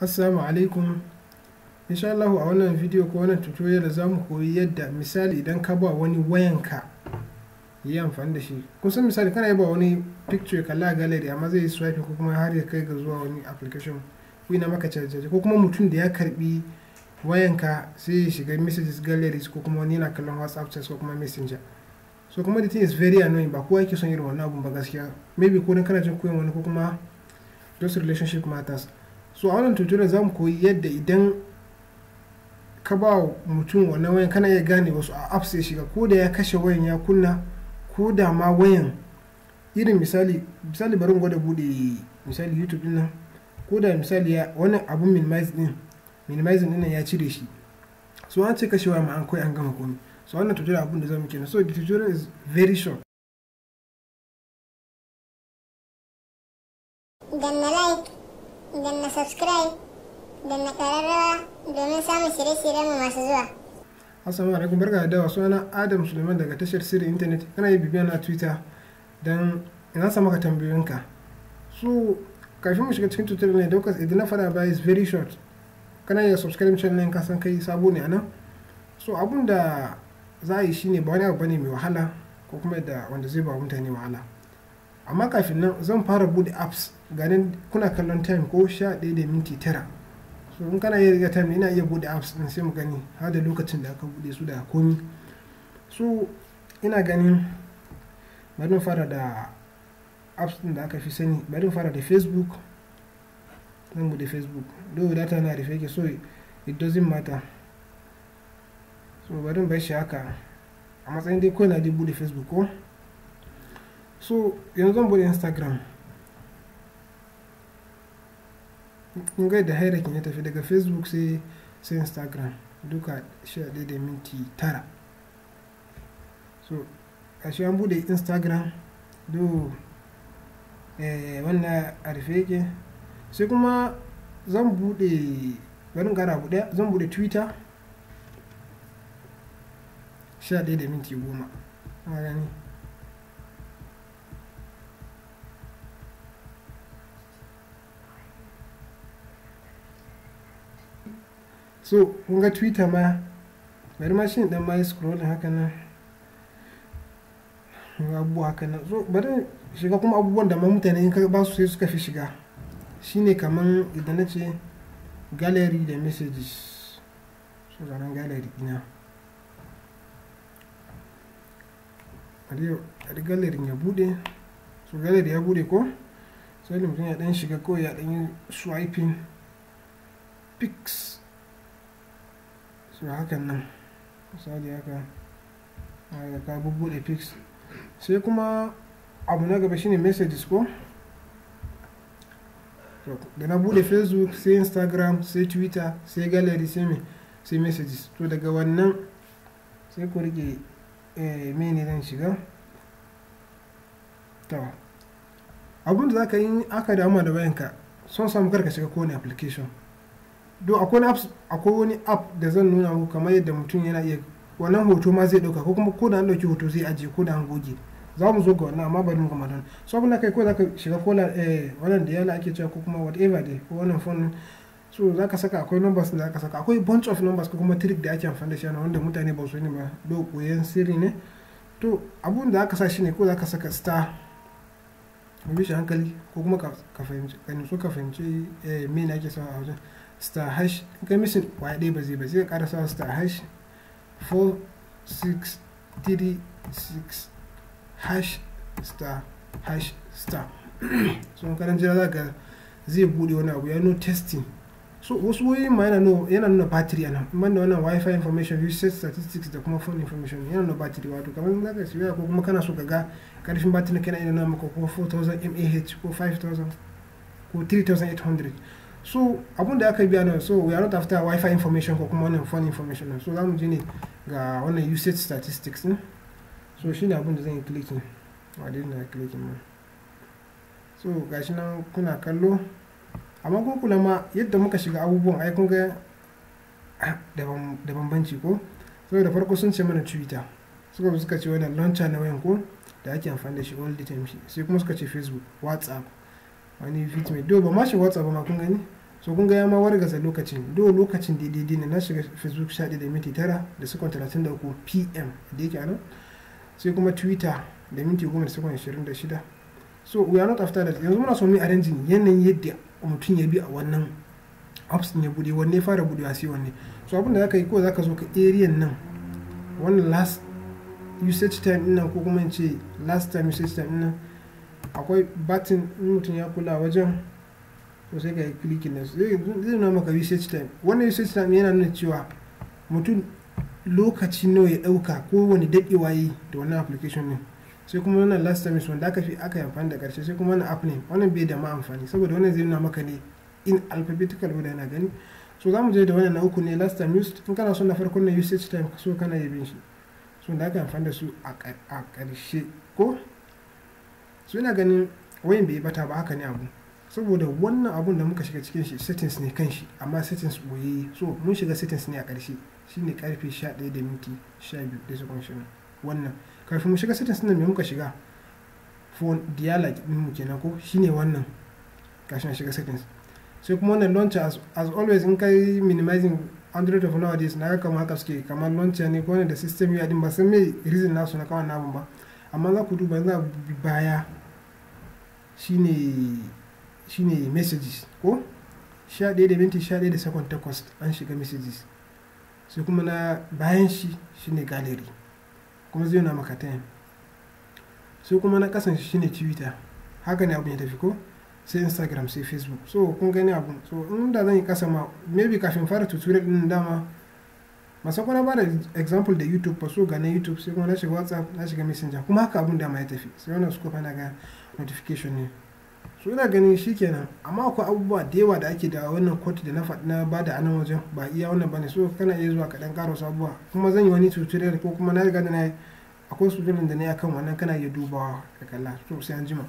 assalamu alaikum insha Allah a wannan video ko wannan tutorial za mu koyi yadda misali idan ka ba wani wayanka yi amfani da shi kusan misali kana ba wani picture kalla gallery amma zai swipe ko kuma har ya kai ga zuwa wani application ko ina maka charge ko kuma mutum da ya karbi wayanka sai ya shiga messages galleries ko kuma wani yana kallon whatsapp chat ko kuma messenger so kuma the thing is very annoying ba kowa yake son irin wannan abun ba gaskiya maybe ko dan kana jin koyon wani ko kuma those relationship matters so a wannan tutorial za mu koyi yadda idan ka ba mutum wannan wayan kana iya gane wasu a apps ya shiga ko da ya kashe wayan ya kunna ko da ma wayan irin misali misali barin gwada bude misali youtube din ko da misali ya wannan abun minimize din minimizing din ya cire shi so an ce kashe waya ma an koyi an gama komai so wannan tutorial abun da zamu kenan so the tutorial is very short the like da na subscribe da na kararrawa domin samun shirye-shiryenmu masu zuwa. Assalamu alaikum barka da dawa suna Adam Suleiman daga tashar sirri intanet kana yi bibiya na Twitter don ina sa maka tambayoyinka. So kafin mu shiga cikin tutorial ne daukas idan na fara bai is very short kana yi subscribe channel ka san kai sabo ne anan. So abun da za a yi shine ba wani abu bane mai wahala ko kuma da wanda zai ba mutane wahala. amma kafin nan zan fara bude apps ganin kuna kallon time ko sha ɗaya da minti tara so in kana iya riga time ina iya bude apps din sai mu gani har da lokacin da aka bude su da komi so ina ganin bari fara da apps din da aka fi sani bari fara da facebook zan bude facebook do data na rufe yake so it doesn't matter so bari bai shi haka a matsayin dai kawai na dai bude facebook ko so yanzu bude instagram in ga da hairakin ya tafi daga facebook sai sai instagram duka sha ɗaya da minti tara so ashe an bude instagram do eh, wannan a rufe yake sai kuma zan bude bari gara bude zan bude twitter sha ɗaya da minti goma gani so kun ga twitter ma bari ma shine dan ma scrolling haka nan abubuwa haka nan so bari shiga kuma abubuwan da ma mutane in ka ba su sai suka fi shiga shine kaman idan na ce gallery da messages so zanen gallery ina bari gallery ya bude so gallery ya bude ko sai mutum ya dan shiga ko ya dan yi swiping pics so hakan nan misali haka eh, ka bubbuɗe fix sai kuma abu na gaba shine messages ko da na buɗe facebook sai instagram sai twitter sai gallery sai me sai messages to daga wannan sai ku rike eh, mene zan shiga abun da za ka yi aka damu da wayanka son samu karka shiga kowane application do akwai apps akwai wani app da zan nuna muku kamar yadda mutum yana iya wannan hoto ma zai dauka ko kuma ko da an dauki hoto zai aje ko da an goge za mu zo ga wannan amma bari mu ga madan so abin da kai ko zaka shiga kola eh wannan da yana ake cewa ko kuma whatever dai ko wannan phone so za ka saka akwai numbers da za ka saka akwai bunch of numbers ko kuma trick da ake amfani da shi wanda mutane ba su ne ba do koyan sirri ne to abun da aka sa shi ne ko za ka saka star mu bi shi hankali ko kuma ka fahimci ka nutsu ka fahimci eh, me ne ake sa a wajen star hash in kai misin y ɗaya ba zai ba zai ƙara sa star hash 4636 hash star hash star so karan jira za zai bude wani abu ya no testing so wasu wayoyin ma yana nuna battery ana man da wannan wifi information usage statistics da kuma phone information yana nuna battery wato kamar za ka siya ko kuma kana so ka ga karfin battery kana yana nuna maka ko 4000 mAh ko 5000 ko 3800 so abun da aka biya nan so we are not after wifi information ko kuma wannan phone information so za mu je ne ga wannan usage statistics din so shine abun da zan yi clicking dai na clicking ma so gashi nan kuna kallo amma ko kula ma yadda muka shiga abubuwan ai kun ga da bambanci ko saboda farko sun ce mana twitter suka suka ce wannan launcher na wayan ko da ake amfani da shi all the time sai kuma suka ce facebook whatsapp wani fit mai do ba ma shi whatsapp ba ma kun gani so kun ga ya ma wargaza lokacin do lokacin daidai ne na shiga facebook sha da minti tara da sekon talatin da uku pm da yake anan sai kuma twitter da minti goma da sekon ashirin da shida so we are not after that yanzu muna so mu arrangin yanayin yadda mutum ya bi a wannan apps ne bude wanne ya fara bude sai wanne so abin da ka yi ko za ka zo ka area nan wannan last usage time din nan ko kuma in ce last time usage time din nan akwai batin mutum ya kula wajen to sai ka yi klikin na su eh, zai nuna maka research time wannan research time yana nuna cewa mutum lokaci nawa ya ɗauka ko wani dadewa yi da wannan application ne sai kuma wannan last time wanda aka fi aka yi amfani da karshe. sai kuma wannan app ne wannan bai da ma amfani saboda wannan zai nuna maka ne in alphabetical order yana gani so za mu je da wannan na uku ne last time used in kana so na farkon na usage time so kana yi bin shi so da aka amfani da su a ƙarshe ko so ina ganin wayan bai bata ba haka ne abu saboda wannan abun da muka shiga cikin shi settings ne kan shi amma settings boye so mun shiga settings ne a ƙarshe shine karfe 11 da minti 12 da second shi wannan karfe mu shiga settings nan me muka shiga phone dialogue din mu kenan ko shine wannan kashi na shiga settings sai kuma wannan launcher as, as always in kai minimizing android of nowadays na kama haka suke kamar launcher ne ko da system ya din ba san me reason nasu na kawai namun ba amma za ku duba za baya shine shine messages ko ɗaya da minti ɗaya da second takwas an shiga messages sai kuma na bayan shi shine gallery kuma zai na maka time sai kuma na kasan shi shine twitter haka ne abin ya tafi ko sai instagram sai facebook so kun gani abu so in da zan yi kasa ma maybe kafin fara tuturar din dama masu kwana ba da example da youtube ba so ganin youtube sai kuma na shiga whatsapp na shiga messenger kuma haka abin da ma ya tafi sai wannan suka fana ga notification ne so ina ganin shi kenan amma akwai abubuwa da yawa da ake da wannan kotu da na faɗi na ba da anan wajen ba iya wannan ba ne so kana iya zuwa kaɗan ƙara wasu abubuwa kuma zan yi wani tutorial ko kuma na riga da na akwai su da na yi akan wannan kana iya dubawa da kalla so sai an jima.